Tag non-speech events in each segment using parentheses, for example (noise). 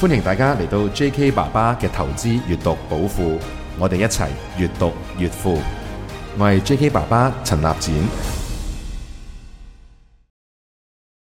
歡迎大家嚟到 J.K. 爸爸嘅投資閱讀寶庫，我哋一起越讀越富。我係 J.K. 爸爸陳立展。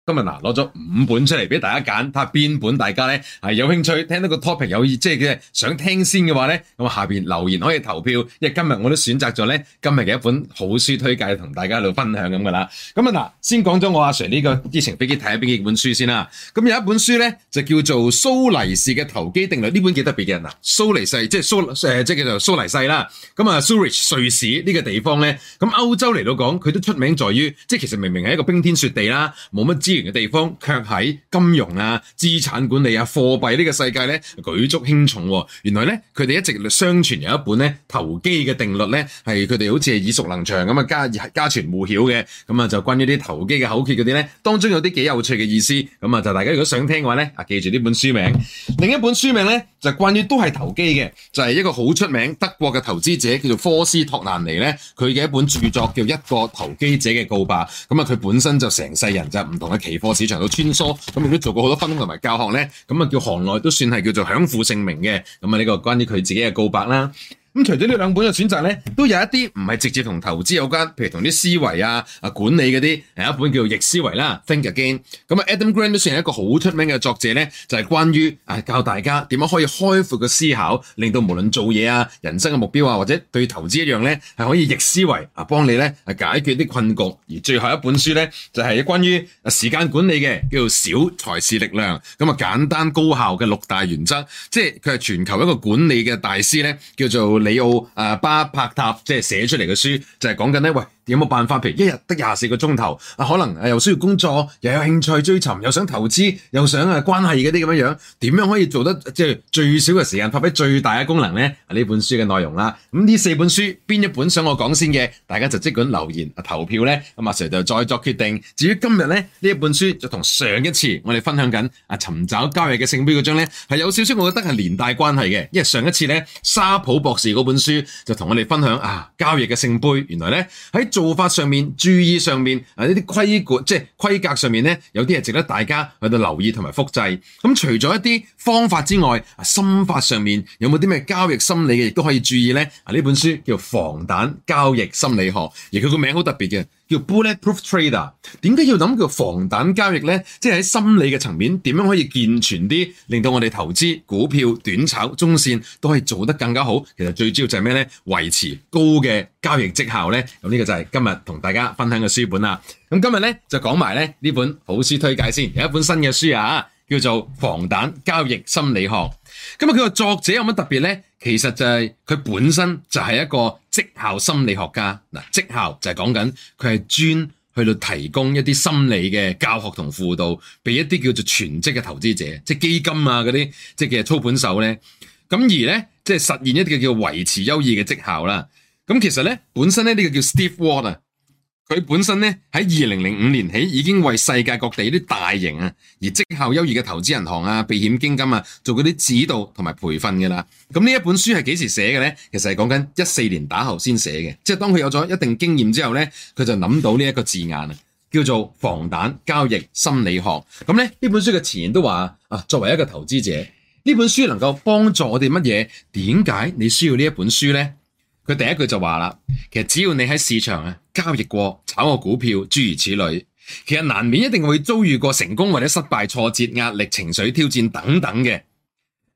今日嗱，攞咗五本出嚟俾大家揀，睇下邊本大家咧係有興趣，聽到個 topic 有意，即係想先聽先嘅話咧，咁啊下邊留言可以投票。因為今日我都選擇咗咧今日嘅一本好書推介，同大家一度分享咁噶啦。咁啊嗱，先講咗我阿、啊、sir 呢個疫情飛機睇下邊幾本書先啦。咁有一本書咧就叫做蘇黎世嘅投機定律，呢本幾特別嘅人啊，蘇黎世即係蘇誒，即係叫做蘇黎世啦。咁啊，蘇瑞瑞士呢個地方咧，咁歐洲嚟到講，佢都出名在於，即係其實明明係一個冰天雪地啦，冇乜嘅地方，卻喺金融啊、資產管理啊、貨幣呢個世界咧舉足輕重，啊。原來咧，佢哋一直相傳有一本咧投機嘅定律咧，係佢哋好似係耳熟能詳咁啊，家家傳戶曉嘅。咁啊，就關於啲投機嘅口訣嗰啲咧，當中有啲幾有趣嘅意思。咁啊，就大家如果想聽嘅話咧，啊記住呢本書名。另一本書名咧，就關於都係投機嘅，就係、是、一個好出名德國嘅投資者叫做科斯托蘭尼咧，佢嘅一本著作叫《一個投機者嘅告白》。咁啊，佢本身就成世人就唔同嘅。期貨市場度穿梭，咁亦都做過好多分工同埋教學咧，咁啊叫行內都算係叫做享負盛名嘅，咁啊呢個關於佢自己嘅告白啦。咁除咗呢兩本嘅選擇咧，都有一啲唔係直接同投資有關，譬如同啲思維啊、啊管理嗰啲，有一本叫做逆思維啦，《Think Again》。咁啊，Adam Grant 都算係一個好出名嘅作者咧，就係、是、關於啊教大家點樣可以開闊嘅思考，令到無論做嘢啊、人生嘅目標啊，或者對投資一樣咧，係可以逆思維啊，幫你咧解決啲困局。而最後一本書咧，就係關於時間管理嘅，叫做《小才是力量》，咁啊簡單高效嘅六大原則，即係佢係全球一個管理嘅大師咧，叫做。里奧誒巴帕塔，即係寫出嚟嘅書就係講緊咧，喂。有冇辦法？譬如一日得廿四個鐘頭啊，可能又需要工作，又有興趣追尋，又想投資，又想啊關係嗰啲咁樣樣，點樣可以做得即係最少嘅時間發揮最大嘅功能咧？啊，呢本書嘅內容啦，咁呢四本書邊一本想我講先嘅，大家就即管留言啊投票咧，咁阿 Sir 就再作決定。至於今日咧呢一本書，就同上一次我哋分享緊啊尋找交易嘅聖杯嗰張咧，係有少少我覺得係連帶關係嘅，因為上一次咧沙普博士嗰本書就同我哋分享啊交易嘅聖杯，原來咧喺。做法上面、注意上面啊，呢啲規管即係規格上面咧，有啲係值得大家喺度留意同埋複製。咁除咗一啲方法之外，啊，心法上面有冇啲咩交易心理嘅，亦都可以注意咧。啊，呢本書叫《防彈交易心理學》，而佢個名好特別嘅。叫 Bulletproof Trader，點解要諗叫防彈交易呢？即係喺心理嘅層面，點樣可以健全啲，令到我哋投資股票、短炒、中線都可以做得更加好？其實最主要就係咩咧？維持高嘅交易績效咧。咁呢個就係今日同大家分享嘅書本啦。咁今日咧就講埋咧呢本好書推介先，有一本新嘅書啊。叫做防彈交易心理學，咁啊佢個作者有乜特別咧？其實就係佢本身就係一個績效心理學家，嗱，績效就係講緊佢係專去到提供一啲心理嘅教學同輔導，俾一啲叫做全職嘅投資者，即係基金啊嗰啲，即係嘅操盤手咧。咁而咧，即係實現一啲叫維持優異嘅績效啦。咁其實咧，本身咧呢個叫 Steve Ward。佢本身呢，喺二零零五年起已經為世界各地啲大型啊而績效優異嘅投資銀行啊、避險基金啊做嗰啲指導同埋培訓㗎啦。咁呢一本書係幾時寫嘅呢？其實係講緊一四年打後先寫嘅，即係當佢有咗一定經驗之後呢，佢就諗到呢一個字眼，叫做防彈交易心理學。咁呢本書嘅前言都話，作為一個投資者，呢本書能夠幫助我哋乜嘢？點解你需要呢一本書呢？佢第一句就話啦，其實只要你喺市場啊交易過、炒過股票，諸如此類，其實難免一定會遭遇過成功或者失敗、挫折、壓力、情緒挑戰等等嘅。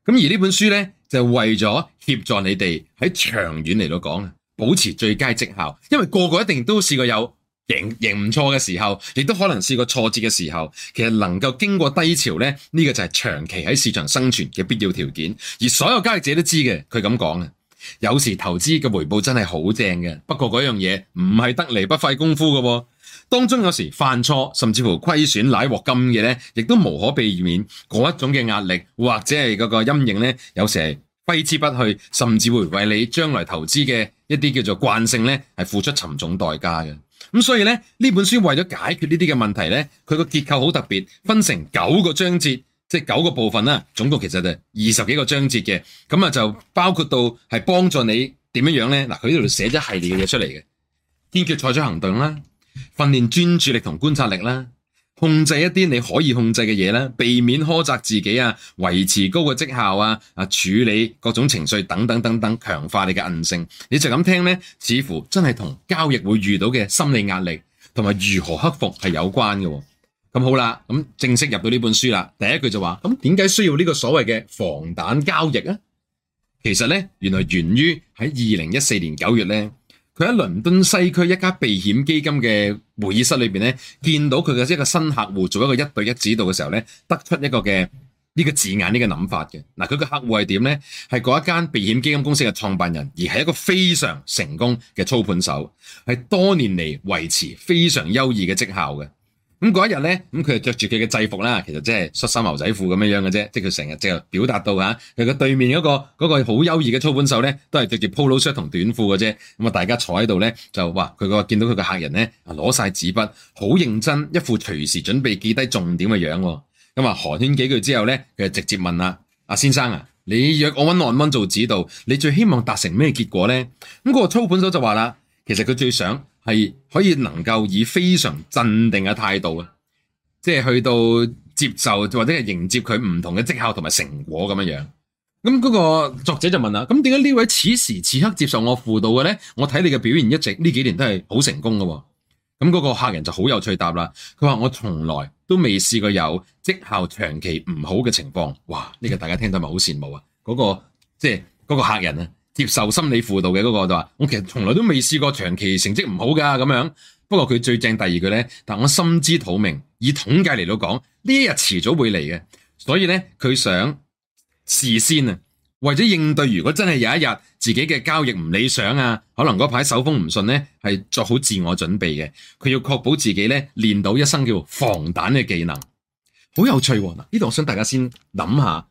咁而呢本書呢，就係、為咗協助你哋喺長遠嚟到講，保持最佳績效。因為個個一定都試過有贏贏唔錯嘅時候，亦都可能試過挫折嘅時候。其實能夠經過低潮呢，呢、呢個就係長期喺市場生存嘅必要條件。而所有交易者都知嘅，佢咁講有時投資嘅回報真係好正嘅，不過嗰樣嘢唔係得嚟不費功夫嘅。當中有時犯錯，甚至乎虧損、乃獲金嘅咧，亦都無可避免。嗰一種嘅壓力或者係嗰個陰影呢，有時係揮之不去，甚至會為你將來投資嘅一啲叫做慣性呢，係付出沉重代價嘅。噉所以咧，呢本書為咗解決呢啲嘅問題呢，佢個結構好特別，分成九個章節。即係九個部分啦，總共其實就是二十幾個章節嘅，咁啊就包括到係幫助你點樣樣咧。嗱，佢呢度寫咗一系列嘅嘢出嚟嘅，堅決採取行動啦，訓練專注力同觀察力啦，控制一啲你可以控制嘅嘢啦，避免苛責自己啊，維持高嘅績效啊，啊處理各種情緒等等等等，強化你嘅韌性。你就咁聽咧，似乎真係同交易會遇到嘅心理壓力同埋如何克服係有關嘅。咁好啦，咁正式入到呢本書啦。第一句就話，咁點解需要呢個所謂嘅防彈交易啊？其實呢，原來源於喺二零一四年九月呢，佢喺倫敦西區一家避險基金嘅會議室裏邊呢，見到佢嘅一個新客戶做一個一對一指導嘅時候呢，得出一個嘅呢個字眼呢個諗法嘅。嗱，佢嘅客戶係點呢？係嗰一間避險基金公司嘅創辦人，而係一個非常成功嘅操盤手，係多年嚟維持非常優異嘅績效嘅。咁嗰一日呢，咁佢就着住佢嘅制服啦，其實即係恤衫牛仔褲咁樣樣嘅啫，即係佢成日即係表達到嚇佢嘅對面嗰個嗰個好優異嘅操盤手呢，都係着住 polo shirt 同短褲嘅啫。咁大家坐喺度呢，就話佢個見到佢嘅客人呢，攞晒紙筆，好認真，一副隨時準備記低重點嘅樣。咁啊，寒暄幾句之後呢，佢就直接問啦：「阿先生啊，你約我揾阿温做指導，你最希望達成咩結果呢？」咁嗰個操盤手就話啦，其實佢最想。係可以能夠以非常鎮定嘅態度啊，即係去到接受或者係迎接佢唔同嘅績效同埋成果咁樣樣。咁嗰個作者就問啦：咁點解呢位此時此刻接受我輔導嘅咧？我睇你嘅表現一直呢幾年都係好成功㗎喎。咁嗰個客人就好有趣答啦。佢話我從來都未試過有績效長期唔好嘅情況。哇！呢個大家聽到咪好羨慕啊？嗰個即係嗰個客人啊！接受心理輔導嘅嗰個就話，我其實從來都未試過長期成績唔好㗎。咁樣，不過佢最正第二句呢，但我心知肚明，以統計嚟到講呢，一日遲早會嚟嘅。所以呢，佢想事先啊，為咗應對，如果真係有一日自己嘅交易唔理想啊，可能嗰排手風唔順呢，係做好自我準備嘅。佢要確保自己呢，練到一身叫防彈嘅技能。好有趣喎、哦！呢度我想大家先諗下。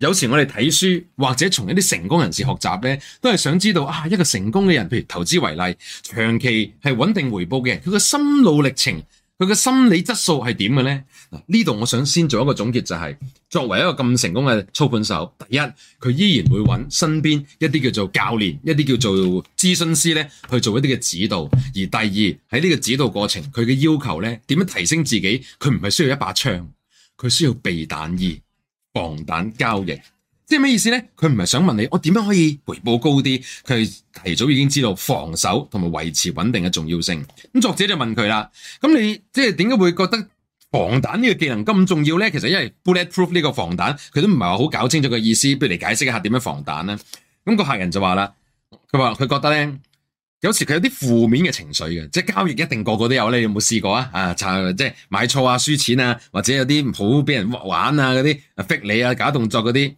有時我哋睇書或者從一啲成功人士學習呢，都係想知道啊，一個成功嘅人，譬如投資為例，長期係穩定回報嘅，佢嘅心路歷程，佢嘅心理質素係點嘅呢？」呢度我想先做一個總結，就是，就係作為一個咁成功嘅操盤手，第一，佢依然會揾身邊一啲叫做教練，一啲叫做諮詢師呢去做一啲嘅指導；而第二，喺呢個指導過程，佢嘅要求呢，點樣提升自己？佢唔係需要一把槍，佢需要避彈衣。防彈交易，即係咩意思咧？佢唔係想問你，我點樣可以回報高啲？佢係提早已經知道防守同埋維持穩定嘅重要性。咁作者就問佢啦，咁你即係點解會覺得防彈呢個技能咁重要咧？其實因為 bullet proof 呢個防彈，佢都唔係話好搞清楚個意思，不如嚟解釋一下點樣防彈咧？咁個客人就話啦，佢話佢覺得咧。有時佢有啲負面嘅情緒嘅，即係交易一定個個都有咧。你有冇試過啊？啊，炒即係買錯啊，輸錢啊，或者有啲唔好俾人玩啊，嗰啲啊，搣你啊，假動作嗰啲。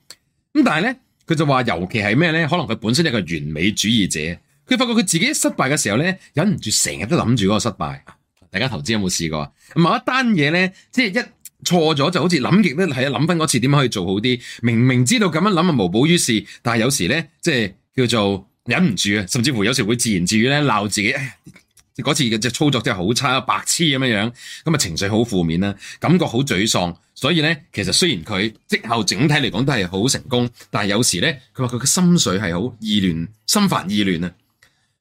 咁但係咧，佢就話，尤其係咩咧？可能佢本身一個完美主義者，佢發覺佢自己一失敗嘅時候咧，忍唔住成日都諗住嗰個失敗。大家投資有冇試過啊？某一單嘢咧，即係一錯咗，就好似諗極都係諗翻嗰次點樣可以做好啲。明明知道咁樣諗啊，無補於事。但係有時咧，即係叫做。忍唔住啊，甚至乎有時會自言自語咧，鬧自己，嗰次嘅操作真係好差，白痴咁樣樣，咁啊情緒好負面啦，感覺好沮喪，所以咧，其實雖然佢之後整體嚟講都係好成功，但係有時咧，佢話佢嘅心緒係好意亂，心煩意亂啊，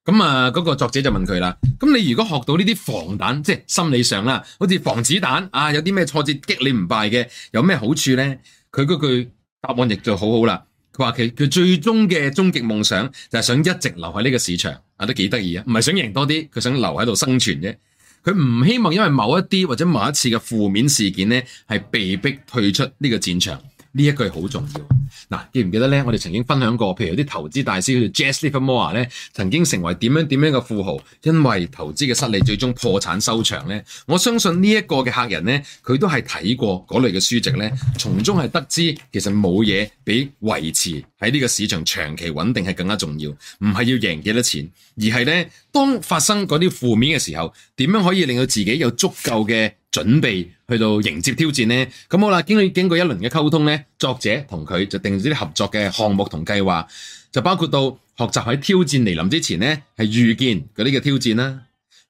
咁啊嗰個作者就問佢啦，咁你如果學到呢啲防彈，即係心理上啦，好似防子彈啊，有啲咩挫折激你唔敗嘅，有咩好處咧？佢嗰句答案亦就好好啦。佢話：佢最終嘅終極夢想就係想一直留喺呢個市場，啊都幾得意啊！唔係想贏多啲，佢想留喺度生存啫。佢唔希望因為某一啲或者某一次嘅負面事件呢，係被迫退出呢個戰場。呢一句好重要，嗱、啊，記唔記得咧？我哋曾經分享過，譬如有啲投資大師 (noise) 叫做 Jesse Livermore 咧，曾經成為點樣點樣嘅富豪，因為投資嘅失利，最終破產收場咧。我相信呢一個嘅客人咧，佢都係睇過嗰類嘅書籍咧，從中係得知，其實冇嘢比維持喺呢個市場長期穩定係更加重要，唔係要贏幾多錢，而係咧。當發生嗰啲負面嘅時候，點樣可以令到自己有足夠嘅準備去到迎接挑戰呢？咁好啦，經過經過一輪嘅溝通呢，作者同佢就定咗啲合作嘅項目同計劃，就包括到學習喺挑戰嚟臨之前呢，係預見嗰啲嘅挑戰啦，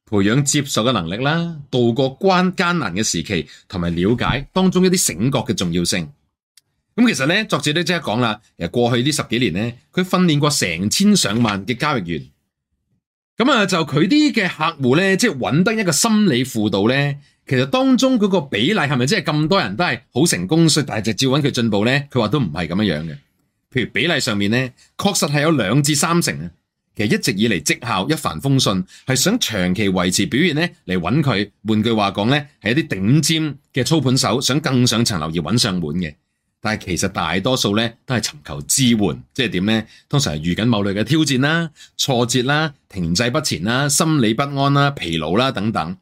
培養接受嘅能力啦，度過關艱難嘅時期，同埋了解當中一啲醒覺嘅重要性。咁其實呢，作者都即刻講啦，誒，過去呢十幾年呢，佢訓練過成千上萬嘅交易員。咁啊，就佢啲嘅客戶呢，即係揾得一個心理輔導呢。其實當中嗰個比例係咪真係咁多人都係好成功，所以直接揾佢進步呢？佢話都唔係咁樣嘅。譬如比例上面呢，確實係有兩至三成啊。其實一直以嚟，績效一帆風順，係想長期維持表現呢，嚟揾佢。換句話講呢，係一啲頂尖嘅操盤手，想更上層樓而揾上門嘅。但係其實大多數呢都係尋求支援，即係點呢？通常係遇緊某類嘅挑戰啦、挫折啦、停滯不前啦、心理不安啦、疲勞啦等等。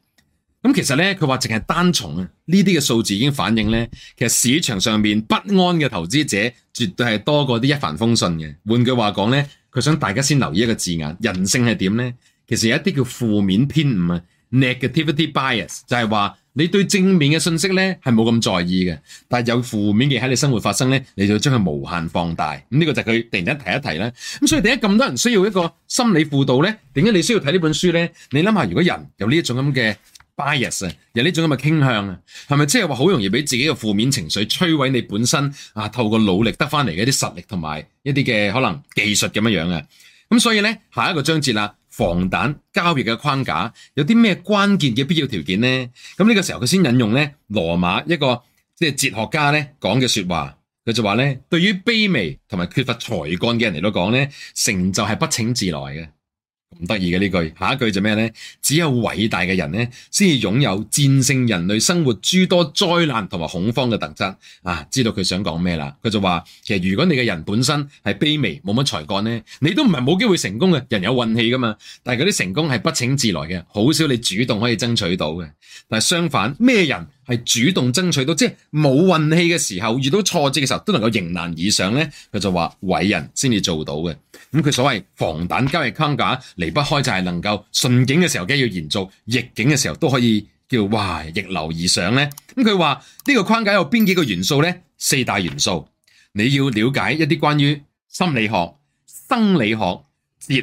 咁其實呢，佢話淨係單從呢啲嘅數字已經反映呢，其實市場上面不安嘅投資者絕對係多過啲一帆風順嘅。換句話講呢，佢想大家先留意一個字眼，人性係點呢？其實有一啲叫負面偏誤啊，negativity bias，就係話。你對正面嘅信息咧，係冇咁在意嘅，但係有負面嘅喺你生活發生咧，你就將佢無限放大。咁、這、呢個就係佢突然間提一提啦。咁所以點解咁多人需要一個心理輔導咧？點解你需要睇呢本書咧？你諗下，如果人有呢一種咁嘅 bias 啊，有呢種咁嘅傾向啊，係咪即係話好容易俾自己嘅負面情緒摧毀你本身啊？透過努力得翻嚟嘅一啲實力同埋一啲嘅可能技術咁樣樣啊？咁所以咧，下一個章節啦。防彈交易嘅框架有啲咩關鍵嘅必要條件呢？咁呢個時候佢先引用呢羅馬一個即係哲學家呢講嘅説話，佢就話呢，對於卑微同埋缺乏才幹嘅人嚟講呢，成就係不請自來嘅。唔得意嘅呢句，下一句就咩呢？只有偉大嘅人呢，先至擁有戰勝人類生活諸多災難同埋恐慌嘅特質啊！知道佢想講咩啦？佢就話，其實如果你嘅人本身係卑微，冇乜才幹呢，你都唔係冇機會成功嘅，人有運氣㗎嘛。但係嗰啲成功係不請自來嘅，好少你主動可以爭取到嘅。但係相反，咩人？係主動爭取到，即係冇運氣嘅時候，遇到挫折嘅時候，都能夠迎難而上咧。佢就話偉人先至做到嘅。咁佢所謂防彈交易框架，離不開就係能夠順境嘅時候梗要延續，逆境嘅時候都可以叫哇逆流而上咧。咁佢話呢個框架有邊幾個元素咧？四大元素，你要了解一啲關於心理學、生理學、哲學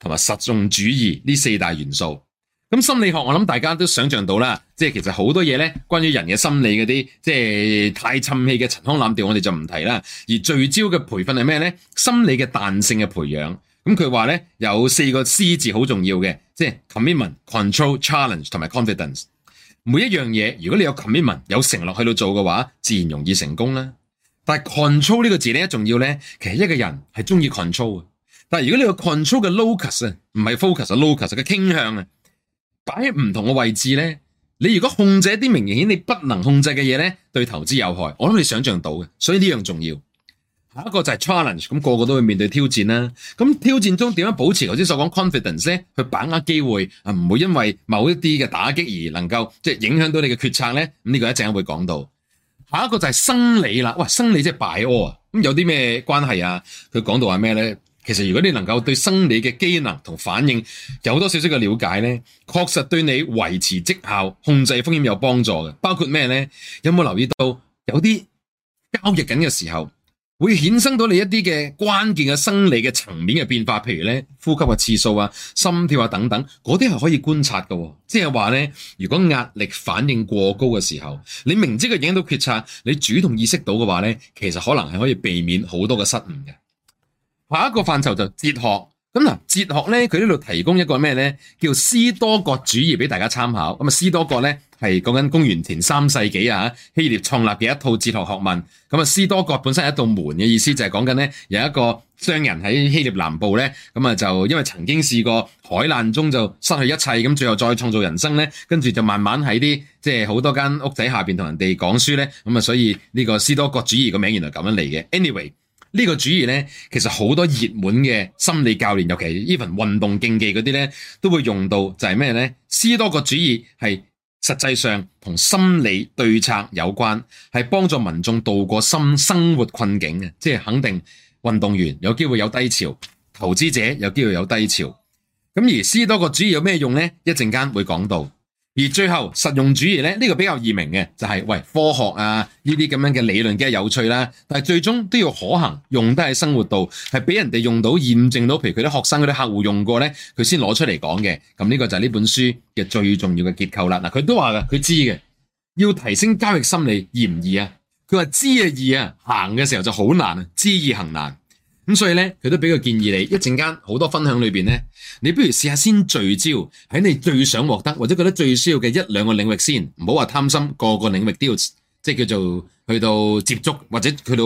同埋實用主義呢四大元素。咁心理學我諗大家都想象到啦，即係其實好多嘢咧，關於人嘅心理嗰啲，即係太襯氣嘅陳腔濫調，我哋就唔提啦。而聚焦嘅培訓係咩咧？心理嘅彈性嘅培養。咁佢話咧有四個 C 字好重要嘅，即係 commitment、control、challenge 同埋 confidence。每一樣嘢，如果你有 commitment，有承諾去到做嘅話，自然容易成功啦。但係 control 呢個字咧，一重要咧，其實一個人係中意 control 嘅。但係如果你個 control 嘅 locus 啊，唔係 focus 啊 locus 嘅傾向啊。擺喺唔同嘅位置咧，你如果控制一啲明顯你不能控制嘅嘢咧，對投資有害，我諗你想象到嘅。所以呢樣重要。下一個就係 challenge，咁個個都會面對挑戰啦。咁挑戰中點樣保持頭先所講 confidence 咧，去把握機會啊，唔會因為某一啲嘅打擊而能夠即係影響到你嘅決策咧。咁呢個一陣會講到。下一個就係生理啦。哇，生理即係擺屙啊！咁有啲咩關係啊？佢講到話咩咧？其實如果你能夠對生理嘅機能同反應有多少少嘅了解呢，確實對你維持績效、控制風險有幫助嘅。包括咩呢？有冇留意到有啲交易緊嘅時候，會衍生到你一啲嘅關鍵嘅生理嘅層面嘅變化？譬如呢呼吸嘅次數啊、心跳啊等等，嗰啲係可以觀察嘅喎。即係話呢，如果壓力反應過高嘅時候，你明知佢影響到決策，你主動意識到嘅話呢，其實可能係可以避免好多嘅失誤嘅。下一個範疇就哲學，咁嗱，哲學咧佢呢度提供一個咩咧？叫斯多葛主義俾大家參考。咁啊，斯多葛咧係講緊公元前三世紀啊，希臘創立嘅一套哲學學問。咁啊，斯多葛本身係一道門嘅意思，就係講緊咧有一個商人喺希臘南部咧，咁啊就因為曾經試過海難中就失去一切，咁最後再創造人生咧，跟住就慢慢喺啲即係好多間屋仔下邊同人哋講書咧，咁啊所以呢個斯多葛主義個名原來咁樣嚟嘅。Anyway。呢個主義呢，其實好多熱門嘅心理教練，尤其 Even 運動競技嗰啲呢，都會用到就是什麼，就係咩呢？斯多葛主義係實際上同心理對策有關，係幫助民眾度過心生活困境嘅。即係肯定運動員有機會有低潮，投資者有機會有低潮。咁而斯多葛主義有咩用呢？一陣間會講到。而最後實用主義呢，呢、這個比較易明嘅就係、是、喂科學啊，呢啲咁樣嘅理論梗係有趣啦，但係最終都要可行，用得喺生活度，係俾人哋用到驗證到，譬如佢啲學生佢啲客戶用過咧，佢先攞出嚟講嘅。咁呢個就係呢本書嘅最重要嘅結構啦。嗱，佢都話嘅，佢知嘅，要提升交易心理易唔易啊？佢話知啊易啊，行嘅時候就好難啊，知易行難。咁所以咧，佢都俾個建議你，一陣間好多分享裏邊咧，你不如試下先聚焦喺你最想獲得或者覺得最需要嘅一兩個領域先，唔好話貪心，個個領域都要即係叫做去到接觸或者去到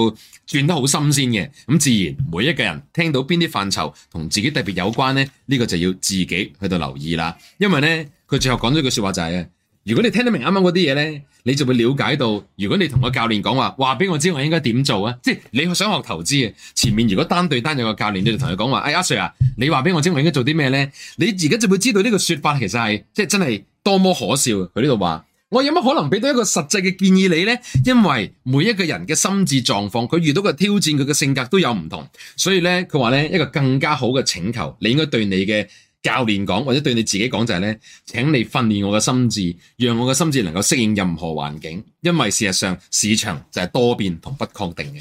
轉得好新鮮嘅。咁自然，每一個人聽到邊啲範疇同自己特別有關咧，呢、這個就要自己去到留意啦。因為咧，佢最後講咗句說話就係、是、啊。如果你聽得明啱啱嗰啲嘢咧，你就會了解到，如果你同個教練講話，話俾我知我應該點做啊？即係你去想學投資啊。前面如果單對單有個教練，你就同佢講話，哎阿 Sir 啊，你話俾我知我應該做啲咩咧？你而家就會知道呢個說法其實係即係真係多麼可笑。佢呢度話，我有乜可能俾到一個實際嘅建議你咧？因為每一個人嘅心智狀況，佢遇到嘅挑戰，佢嘅性格都有唔同，所以咧佢話咧一個更加好嘅請求，你應該對你嘅。教練講或者對你自己講就係、是、咧，請你訓練我嘅心智，讓我嘅心智能夠適應任何環境。因為事實上市場就係多變同不確定嘅。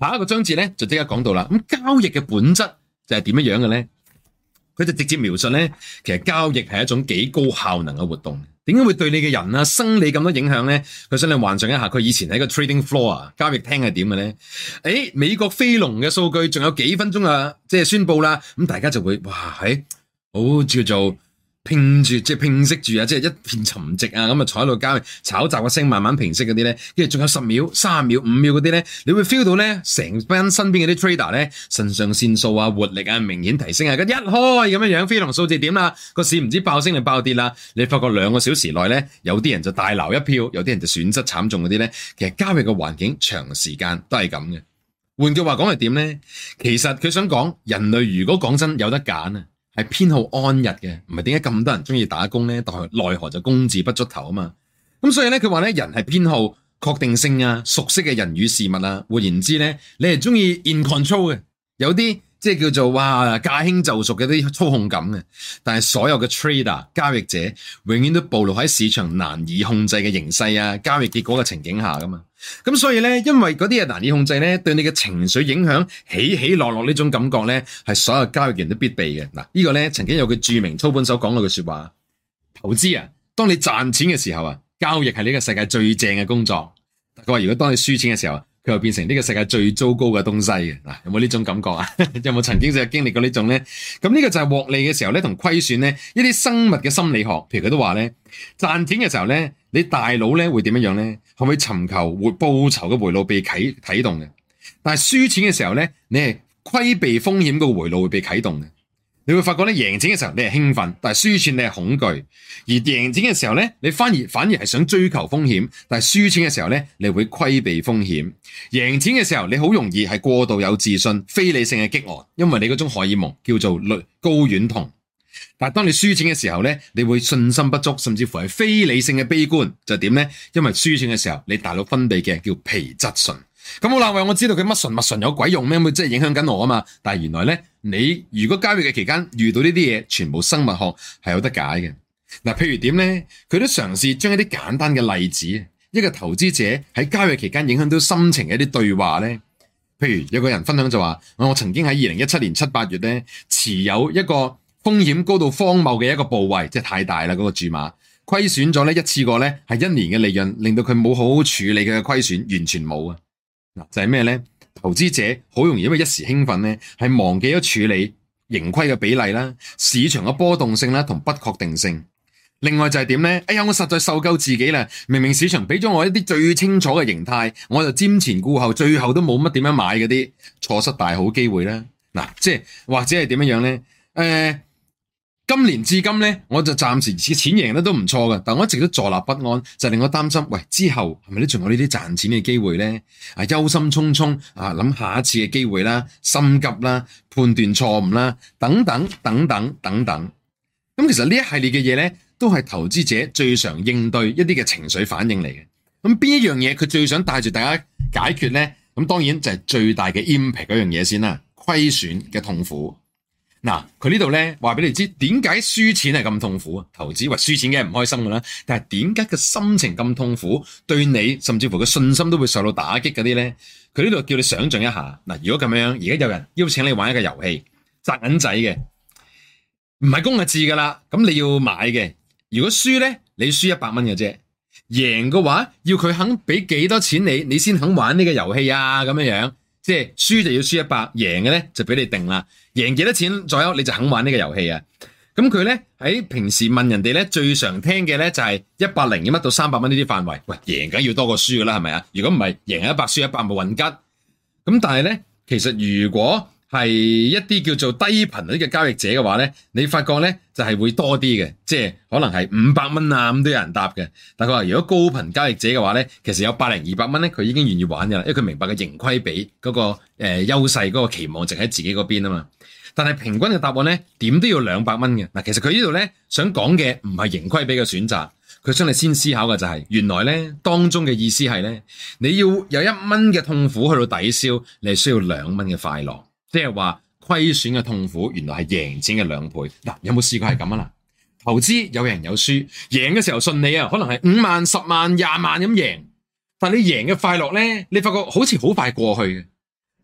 下一個章節咧就即刻講到啦。咁交易嘅本質就係點樣樣嘅咧？佢就直接描述咧，其實交易係一種幾高效能嘅活動。點解會對你嘅人啊生理咁多影響咧？佢想你幻想一下，佢以前喺個 trading floor 啊，交易廳係點嘅咧？誒、哎，美國非農嘅數據仲有幾分鐘啊，即係宣佈啦。咁大家就會哇喺～、哎好叫、哦、做拼住，即係拼息住啊，即係一片沉寂啊，咁啊，坐喺度交易炒雜個聲慢慢平息嗰啲咧，跟住仲有十秒、三秒、五秒嗰啲咧，你會 feel 到咧成班身邊嗰啲 trader 咧，腎上腺素啊、活力啊明顯提升啊。一開咁樣飛龍數樣飛龍數字點啦，個市唔知爆升定爆跌啦。你發覺兩個小時內咧，有啲人就大撈一票，有啲人就損失慘重嗰啲咧，其實交易嘅環境長時間都係咁嘅。換句話講係點咧？其實佢想講人類如果講真有得揀啊。係偏好安逸嘅，唔係，點解咁多人鍾意打工呢？但係奈何就工字不出頭嘛，咁所以呢，佢話人係偏好確定性啊，熟悉嘅人與事物啊。換言之呢，你係鍾意 in control 嘅，有啲。即係叫做哇，駕輕就熟嘅啲操控感嘅，但係所有嘅 trader 交易者永遠都暴露喺市場難以控制嘅形勢啊，交易結果嘅情景下噶嘛，咁所以咧，因為嗰啲嘢難以控制咧，對你嘅情緒影響，起起落落呢種感覺咧，係所有交易人都必備嘅嗱。依、呢個咧曾經有個著名操盤手講過句說話：投資啊，當你賺錢嘅時候啊，交易係呢個世界最正嘅工作。佢話如果當你輸錢嘅時候。佢又變成這個世界最糟糕的東西，有冇呢種感覺啊？ (laughs) 有冇曾經就係經歷過呢種呢，咁呢個就係獲利嘅時候和同虧損咧，一啲生物嘅心理學，譬如佢都話咧，賺錢嘅時候你大腦咧會點樣呢，可唔可以尋求報酬嘅回路被啟啟動的，但是輸錢嘅時候咧，你係規避風險嘅回路會被啟動的你會發覺咧，贏錢的時候你是興奮，但是輸錢你是恐懼；而贏錢的時候呢你反而反而是想追求風險，但是輸錢的時候呢你會規避風險。贏錢的時候你好容易是過度有自信、非理性的激昂，因為你嗰種荷爾蒙叫做睾丸酮。但當你輸錢的時候呢你會信心不足，甚至乎是非理性的悲觀。就點、是、呢因為輸錢的時候，你大腦分泌的叫皮質醇。咁、嗯、好難為，我知道佢乜醇乜醇有鬼用咩？咁即係影響緊我嘛。但係原來呢你如果交易嘅期間遇到呢啲嘢，全部生物學係有得解嘅。嗱，譬如點呢？佢都嘗試將一啲簡單嘅例子，一個投資者喺交易期間影響到心情嘅一啲對話呢。譬如有個人分享就話：我曾經喺二零一七年七八月呢，持有一個風險高度荒謬嘅一個部位，即係太大啦嗰個注碼，虧損咗呢一次過呢，係一年嘅利潤，令到佢冇好好處理嘅虧損，完全冇啊。嗱，就係咩呢？投資者好容易因為一時興奮呢係忘記咗處理盈虧嘅比例啦，市場嘅波動性啦同不確定性。另外就係點呢？哎呀，我實在受夠自己啦！明明市場畀咗我一啲最清楚嘅形態，我就瞻前顧後，最後都冇乜點樣買嗰啲，錯失大好機會啦。嗱，即係或者係點樣樣呢？誒。呃今年至今呢，我就暫時嘅錢贏得都唔錯嘅，但我一直都坐立不安，就令我擔心，喂，之後係咪都仲有呢啲賺錢嘅機會呢？啊，憂心忡忡啊，諗下一次嘅機會啦，心急啦，判斷錯誤啦，等等等等等等。咁其實呢一系列嘅嘢呢，都係投資者最常應對一啲嘅情緒反應嚟嘅。咁邊一樣嘢佢最想帶住大家解決呢？咁當然就係最大嘅 impact 嗰樣嘢先啦，虧損嘅痛苦。嗱，佢呢度咧，話俾你知點解輸錢係咁痛苦啊？投資或輸錢梗係唔開心噶啦，但係點解佢心情咁痛苦，對你甚至乎佢信心都會受到打擊嗰啲咧？佢呢度叫你想象一下，嗱，如果咁樣而家有人邀請你玩一個遊戲，擲銀仔嘅，唔係公就字噶啦，咁你要買嘅，如果輸咧，你輸一百蚊嘅啫，贏嘅話，要佢肯俾幾多錢你，你先肯玩呢個遊戲啊？咁樣樣。即係輸就要輸一百，贏嘅咧就俾你定啦，贏幾多錢左右你就肯玩呢個遊戲啊？咁佢咧喺平時問人哋咧最常聽嘅咧就係一百零幾蚊到三百蚊呢啲範圍。喂，贏梗要多過輸噶啦係咪啊？如果唔係贏一百輸一百冇運吉，咁但係咧其實如果。係一啲叫做低頻率嘅交易者嘅話呢，你發覺呢就係、是、會多啲嘅，即係可能係五百蚊啊，咁都有人答嘅。但係佢話如果高頻交易者嘅話呢其實有百零二百蚊呢，佢已經願意玩㗎喇，因為佢明白嘅盈虧比嗰、那個、呃、優優勢嗰個期望值喺自己嗰邊啊嘛。但係平均嘅答案呢點都要兩百蚊嘅嗱。其實佢呢度呢，想講嘅唔係盈虧比嘅選擇，佢想你先思考嘅就係、是、原來呢當中嘅意思係呢，你要有一蚊嘅痛苦去到抵消，你係需要兩蚊嘅快樂。即係話虧損嘅痛苦，原來係贏錢嘅兩倍。嗱、啊，有冇試過係咁啊？啦，投資有贏有輸，贏嘅時候信你啊，可能係五萬、十萬、廿萬咁贏。但係你贏嘅快樂咧，你發覺好似好快過去嘅。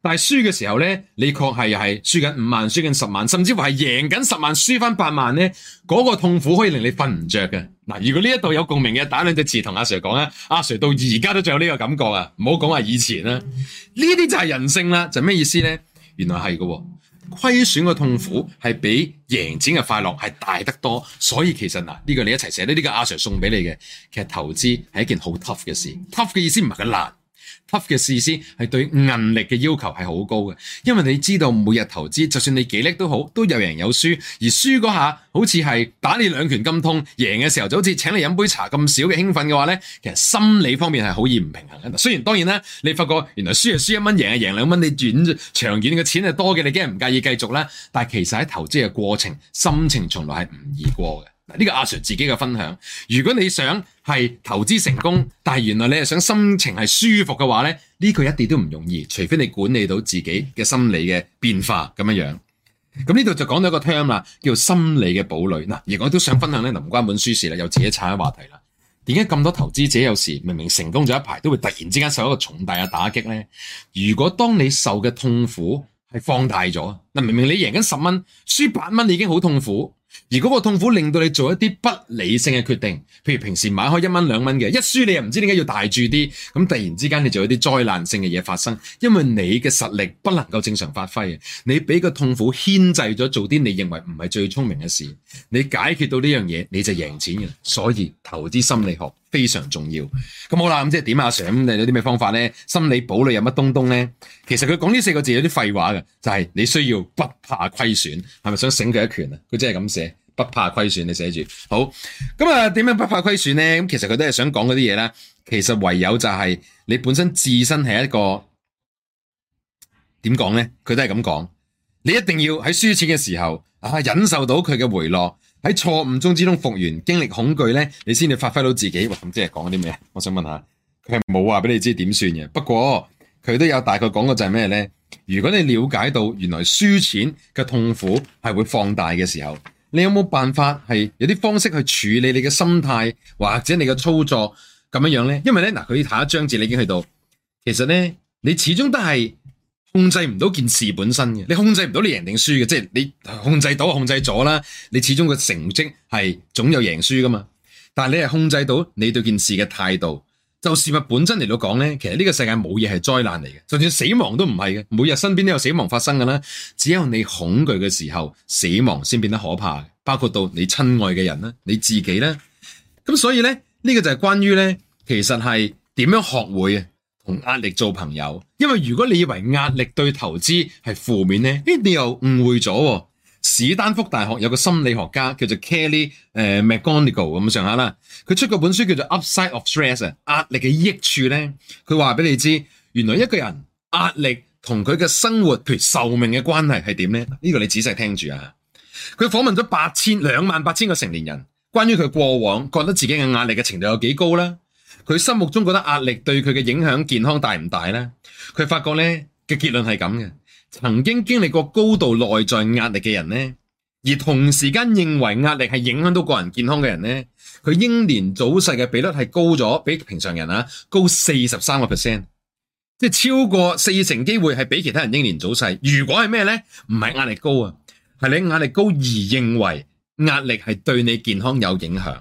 但係輸嘅時候咧，你確係係輸緊五萬、輸緊十萬，甚至乎係贏緊十萬、輸翻八萬咧，嗰個痛苦可以令你瞓唔着嘅。嗱、啊，如果呢一度有共鳴嘅，打兩隻字同阿 Sir 講咧，阿 Sir 到而家都仲有呢個感覺啊。唔好講話以前啦，呢啲就係人性啦。就咩意思咧？原來係嘅喎，虧損嘅痛苦係比贏錢嘅快樂係大得多，所以其實嗱，呢個你一齊寫咧，呢個阿 Sir 送俾你嘅，其實投資係一件好 tough 嘅事，tough 嘅意思唔係咁難。tough 嘅事先係對毅力嘅要求係好高嘅，因為你知道每日投資，就算你幾叻都好，都有贏有輸，而輸嗰下好似係打你兩拳咁痛，贏嘅時候就好似請你飲杯茶咁少嘅興奮嘅話咧，其實心理方面係好易唔平衡嘅。雖然當然啦，你發覺原來輸係輸一蚊，贏係贏兩蚊，你轉長遠嘅錢係多嘅，你梗係唔介意繼續啦。但係其實喺投資嘅過程，心情從來係唔易過嘅。呢個阿 Sir 自己嘅分享，如果你想係投資成功，但係原來你係想心情係舒服嘅話咧，呢個一啲都唔容易，除非你管理到自己嘅心理嘅變化咁樣樣。咁呢度就講到一個 term 啦，叫做心理嘅堡壘嗱。而我都想分享咧，就唔關本書事啦，又自己炒下話題啦。點解咁多投資者有時明明成功咗一排，都會突然之間受一個重大嘅打擊咧？如果當你受嘅痛苦係放大咗，嗱，明明你贏緊十蚊，輸八蚊你已經好痛苦。而嗰個痛苦令到你做一啲不理性嘅決定，譬如平時買開一蚊兩蚊嘅，一輸你又唔知點解要大注啲，咁突然之間你就有啲災難性嘅嘢發生，因為你嘅實力不能夠正常發揮。你俾個痛苦牽制咗做啲你認為唔係最聰明嘅事，你解決到呢樣嘢你就贏錢嘅，所以投資心理學。非常重要。咁好啦，咁即係點啊 Sir，你有啲咩方法咧？心理堡壘有乜東東咧？其實佢講呢四個字有啲廢話嘅，就係你需要不怕虧損，係咪想醒佢一拳啊？佢真係咁寫，不怕虧損，你寫住好。咁啊，點樣不怕虧損咧？咁其實佢都係想講嗰啲嘢啦。其實唯有就係你本身自身係一個點講咧？佢都係咁講，你一定要喺輸錢嘅時候啊，忍受到佢嘅回落。喺錯誤中之中復原，經歷恐懼呢，你先至發揮到自己。咁即係講啲咩？我想問下，佢係冇話俾你知點算嘅。不過佢都有大概講過就係咩呢？如果你了解到原來輸錢嘅痛苦係會放大嘅時候，你有冇辦法係有啲方式去處理你嘅心態或者你嘅操作咁樣樣呢？因為呢，嗱，佢下一章節，已經去到，其實呢，你始終都係。控制唔到件事本身嘅，你控制唔到你贏定輸嘅，即係你控制到控制咗啦。你始終個成績係總有贏輸噶嘛。但係你係控制到你對件事嘅態度。就事物本身嚟到講呢，其實呢個世界冇嘢係災難嚟嘅，就算死亡都唔係嘅。每日身邊都有死亡發生噶啦。只有你恐懼嘅時候，死亡先變得可怕。包括到你親愛嘅人啦，你自己啦。咁所以呢，呢、呢個就係關於呢，其實係點樣學會啊同壓力做朋友。因為如果你以為壓力對投資係負面呢，你又誤會咗。史丹福大學有個心理學家叫做 Kelly 誒 McGonigal 咁上下啦，佢出個本書叫做 Upside of Stress 啊，壓力嘅益處呢。佢話俾你知，原來一個人壓力同佢嘅生活譬如壽命嘅關係係點呢？呢個你仔細聽住啊！佢訪問咗八千兩萬八千個成年人，關於佢過往覺得自己嘅壓力嘅程度有幾高呢。佢心目中覺得壓力對佢嘅影響健康大唔大呢？佢發覺呢，嘅結論係咁嘅：曾經經歷過高度內在壓力嘅人呢，而同時間認為壓力係影響到個人健康嘅人呢，佢英年早逝嘅比率係高咗，比平常人啊高四十三個 percent，即係超過四成機會係比其他人英年早逝。如果係咩呢？唔係壓力高啊，係你壓力高而認為壓力係對你健康有影響。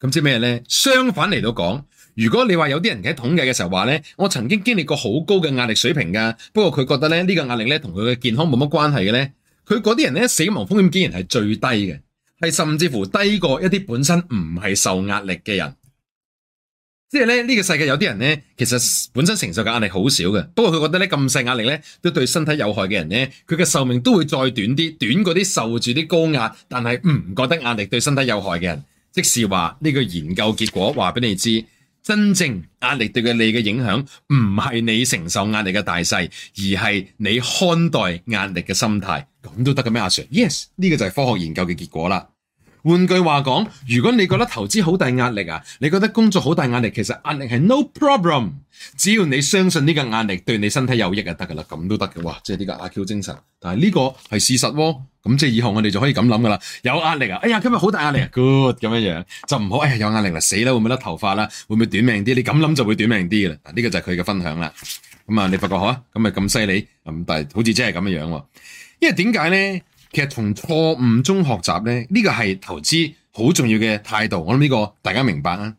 咁知咩咧？相反嚟到講，如果你話有啲人喺統計嘅時候話咧，我曾經經歷過好高嘅壓力水平噶，不過佢覺得咧呢個壓力咧同佢嘅健康冇乜關係嘅咧，佢嗰啲人咧，死亡風險竟然係最低嘅，係甚至乎低過一啲本身唔係受壓力嘅人，即係咧呢個世界有啲人咧，其實本身承受嘅壓力好少嘅，不過佢覺得咧咁細壓力咧都對身體有害嘅人咧，佢嘅壽命都會再短啲，短過啲受住啲高壓但係唔覺得壓力對身體有害嘅人。即係話呢個研究結果話俾你知，真正壓力對你嘅影響，唔係你承受壓力嘅大細，而係你看待壓力嘅心態，咁都得嘅咩阿 Sir？Yes，呢個就係科學研究嘅結果啦。換句話講，如果你覺得投資好大壓力啊，你覺得工作好大壓力，其實壓力係 no problem，只要你相信呢個壓力對你身體有益就得噶啦，咁都得嘅。哇，即係呢個阿 Q 精神，但係呢個係事實喎。咁即係以後我哋就可以咁諗噶啦。有壓力啊，哎呀，今日好大壓力啊，good 咁樣樣就唔好，哎呀，有壓力啦，死啦，會唔會甩頭髮啦，會唔會短命啲？你咁諗就會短命啲嘅啦。呢個就係佢嘅分享啦。咁、嗯、啊，你發覺嗬，咁咪咁犀利，咁、嗯、但係好似真係咁樣樣。因為點解咧？其實從錯誤中學習呢，呢個係投資好重要嘅態度，我諗呢個大家明白啦。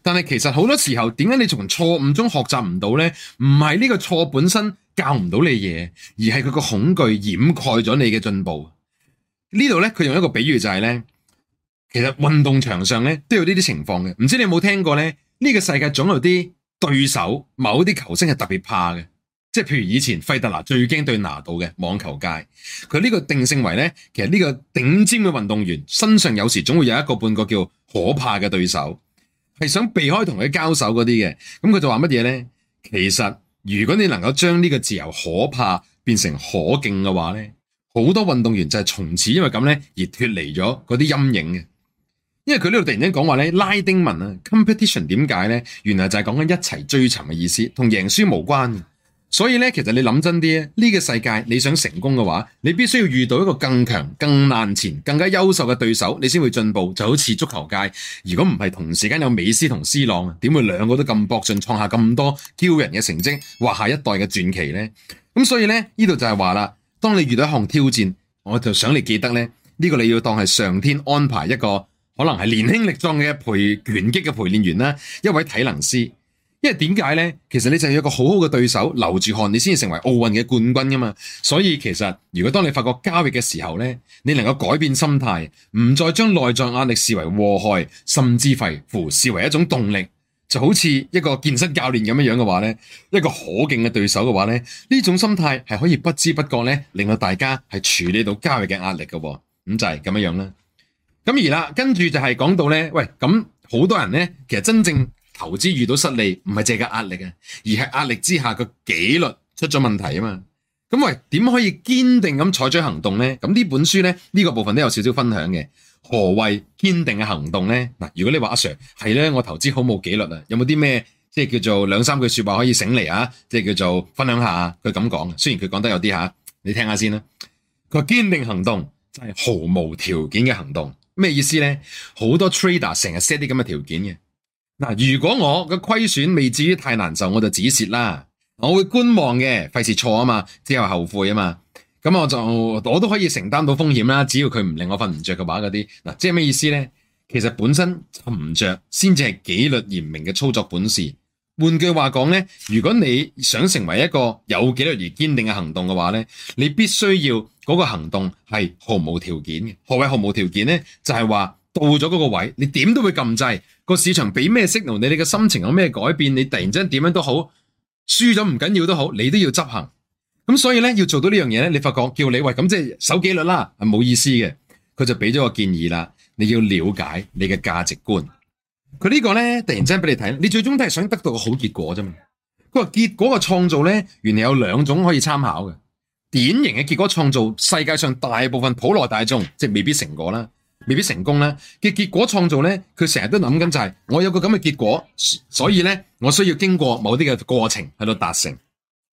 但係其實好多時候，點解你從錯誤中學習唔到呢？唔係呢個錯本身教唔到你嘢，而係佢個恐懼掩蓋咗你嘅進步。呢度咧，佢用一個比喻就係咧，其實運動場上咧都有呢啲情況嘅。唔知你有冇聽過咧？呢個世界總有啲對手，某啲球星係特別怕嘅。即係譬如以前費德拿最驚對拿度嘅網球界，佢呢個定性為呢，其實呢個頂尖嘅運動員身上有時總會有一個半個叫可怕嘅對手，係想避開同佢交手嗰啲嘅。咁佢就話乜嘢呢？其實如果你能夠將呢個自由可怕變成可敬嘅話呢，好多運動員就係從此因為咁呢而脫離咗嗰啲陰影嘅。因為佢呢度突然間講話呢，拉丁文啊 competition 點解呢？原來就係講緊一齊追尋嘅意思，同贏輸無關。所以咧，其實你諗真啲呢、呢個世界你想成功嘅話，你必須要遇到一個更強、更難纏、更加優秀嘅對手，你先會進步。就好似足球界，如果唔係同時間有美斯同斯朗，點會兩個都咁博順，創下咁多驕人嘅成績，畫下一代嘅傳奇呢？咁所以呢，呢度就係話啦，當你遇到一項挑戰，我就想你記得呢，呢、呢個你要當係上天安排一個可能係年輕力壯嘅陪拳擊嘅陪練員啦，一位體能師。因為點解呢？其實你就係要一個好好嘅對手，留住汗你先至成為奧運嘅冠軍噶嘛。所以其實如果當你發覺交易嘅時候呢，你能夠改變心態，唔再將內在壓力視為禍害，甚至乎負，視為一種動力，就好似一個健身教練咁樣樣嘅話呢，一個可敬嘅對手嘅話呢，呢種心態係可以不知不覺呢令到大家係處理到交易嘅壓力噶。咁就係咁樣樣啦。咁而啦，跟住就係講到呢：喂，咁好多人呢，其實真正投資遇到失利，唔係借嘅壓力啊，而係壓力之下個紀律出咗問題啊嘛。咁喂，點可以堅定咁採取行動呢？咁呢本書呢，呢、呢個部分都有少少分享嘅。何謂堅定嘅行動呢？嗱，如果你話阿、啊、Sir 係咧，我投資好冇紀律啊，有冇啲咩即係叫做兩三句說話可以醒嚟啊？即係叫做分享下佢咁講。雖然佢講得有啲吓，你聽下先啦。佢話堅定行動，真係毫無條件嘅行動。咩意思呢？好多 trader 成日 set 啲咁嘅條件嘅。嗱，如果我嘅虧損未至於太難受，我就止蝕啦。我會觀望嘅，費事錯啊嘛，之後後悔啊嘛。咁我就我都可以承擔到風險啦，只要佢唔令我瞓唔着嘅話，嗰啲嗱，即係咩意思咧？其實本身瞓唔着，先至係紀律嚴明嘅操作本事。換句話講咧，如果你想成為一個有紀律而堅定嘅行動嘅話咧，你必須要嗰個行動係毫無條件嘅。何謂毫無條件咧？就係話。到咗嗰個位，你點都會禁制個市場，俾咩信 l 你你嘅心情有咩改變？你突然之間點樣都好，輸咗唔緊要都好，你都要執行。咁所以咧，要做到呢樣嘢咧，你發覺叫你喂咁即係守紀律啦，係冇意思嘅。佢就俾咗個建議啦，你要了解你嘅價值觀。佢呢個咧突然之間俾你睇，你最終都係想得到個好結果啫嘛。佢話結果嘅創造咧，原來有兩種可以參考嘅。典型嘅結果創造，世界上大部分普羅大眾即係未必成果啦。未必成功咧，嘅結果創造咧，佢成日都諗緊就係我有個咁嘅結果，所以咧我需要經過某啲嘅過程去到達成，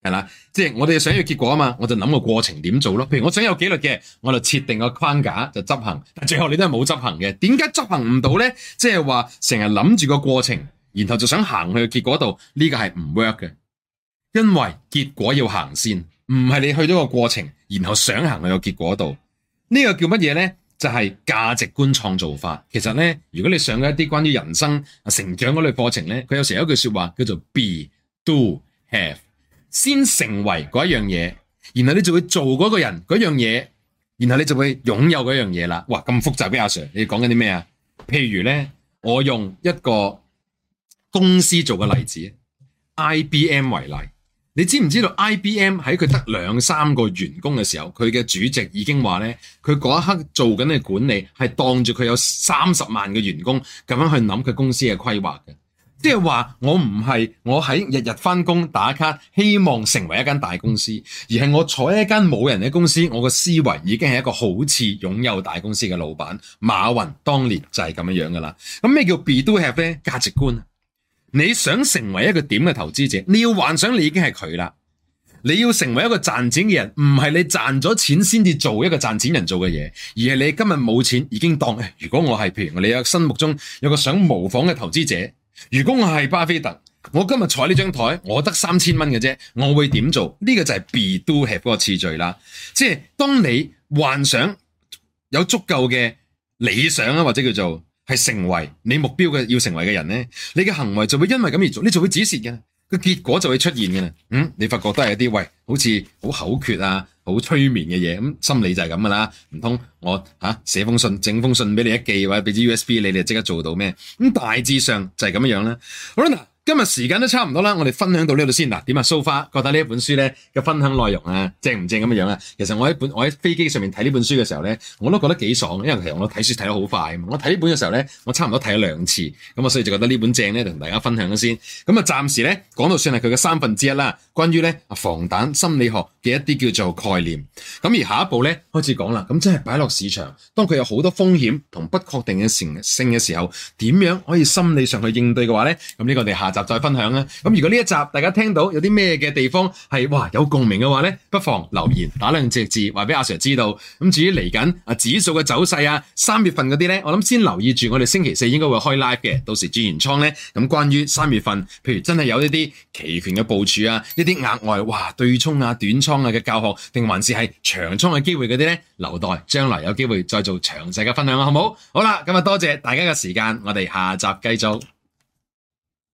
係啦，即係我哋想要結果啊嘛，我就諗個過，過程點做咯。譬如我想有紀律嘅，我就設定個框架就執行，但最後你都係冇執行嘅，點解執行唔到咧？即係話成日諗住個過程，然後就想行去個結果度，呢、這個係唔 work 嘅，因為結果要行先，唔係你去咗個過程，然後想行去個結果度，呢、這個叫乜嘢咧？就係價值觀創造法。其實呢，如果你上一啲關於人生成長嗰類課程呢，佢有時有一句說話叫做 Be, Do, Have。先成為嗰一樣嘢，然後你就會做嗰個人嗰樣嘢，然後你就會擁有嗰樣嘢啦。哇！咁複雜嘅阿、啊、Sir，你講緊啲咩啊？譬如呢，我用一個公司做嘅例子，IBM 為例。你知唔知道 IBM 喺佢得兩三個員工嘅時候，佢嘅主席已經話呢，佢嗰一刻做緊嘅管理，係當住佢有三十萬嘅員工咁樣去諗佢公司嘅規劃嘅，即係話我唔係我喺日日翻工打卡，希望成為一間大公司，而係我坐喺一間冇人嘅公司，我個思維已經係一個好似擁有大公司嘅老闆。馬雲當年就係咁樣樣噶啦。咁咩叫 Be Do Have 呢？價值觀你想成為一個點嘅投資者，你要幻想你已經係佢啦。你要成為一個賺錢嘅人，唔係你賺咗錢先至做一個賺錢人做嘅嘢，而係你今日冇錢已經當。如果我係譬如你有心目中有個想模仿嘅投資者，如果我係巴菲特，我今日坐呢張台，我得三千蚊嘅啫，我會點做？呢、這個就係 be do have 嗰個次序啦。即係當你幻想有足夠嘅理想啊，或者叫做。係成為你目標嘅要成為嘅人咧，你嘅行為就會因為咁而做，你就會指示嘅，個結果就會出現嘅啦。嗯，你發覺都係一啲喂，好似好口訣啊，好催眠嘅嘢，咁心理就係咁噶啦。唔通我吓寫、啊、封信，整封信俾你一寄或者俾支 U S B，你哋即刻做到咩？咁大致上就係咁樣樣啦。好啦，嗱。今日時間都差唔多啦，我哋分享到呢度先嗱。點啊蘇花覺得呢一本書咧嘅分享內容啊正唔正咁嘅樣啊？其實我喺本我喺飛機上面睇呢本書嘅時候咧，我都覺得幾爽，因為其實我睇書睇得好快，我睇呢本嘅時候咧，我差唔多睇咗兩次，咁啊所以就覺得呢本正咧，同大家分享咗先。咁啊暫時咧講到算係佢嘅三分之一啦。關於咧防彈心理學嘅一啲叫做概念。咁而下一步咧開始講啦。咁即係擺落市場，當佢有好多風險同不確定嘅成性嘅時候，點樣可以心理上去應對嘅話咧？咁呢個我哋下集再分享啦，咁如果呢一集大家聽到有啲咩嘅地方係哇有共鳴嘅話咧，不妨留言打兩隻字，話俾阿 Sir 知道。咁至於嚟緊啊指數嘅走勢啊，三月份嗰啲咧，我諗先留意住。我哋星期四應該會開 live 嘅，到時轉完倉咧。咁關於三月份，譬如真係有一啲期權嘅部署啊，一啲額外哇對沖啊、短倉啊嘅教學，定還是係長倉嘅機會嗰啲咧，留待將來有機會再做詳細嘅分享好唔好？好啦，咁啊多謝大家嘅時間，我哋下集繼續。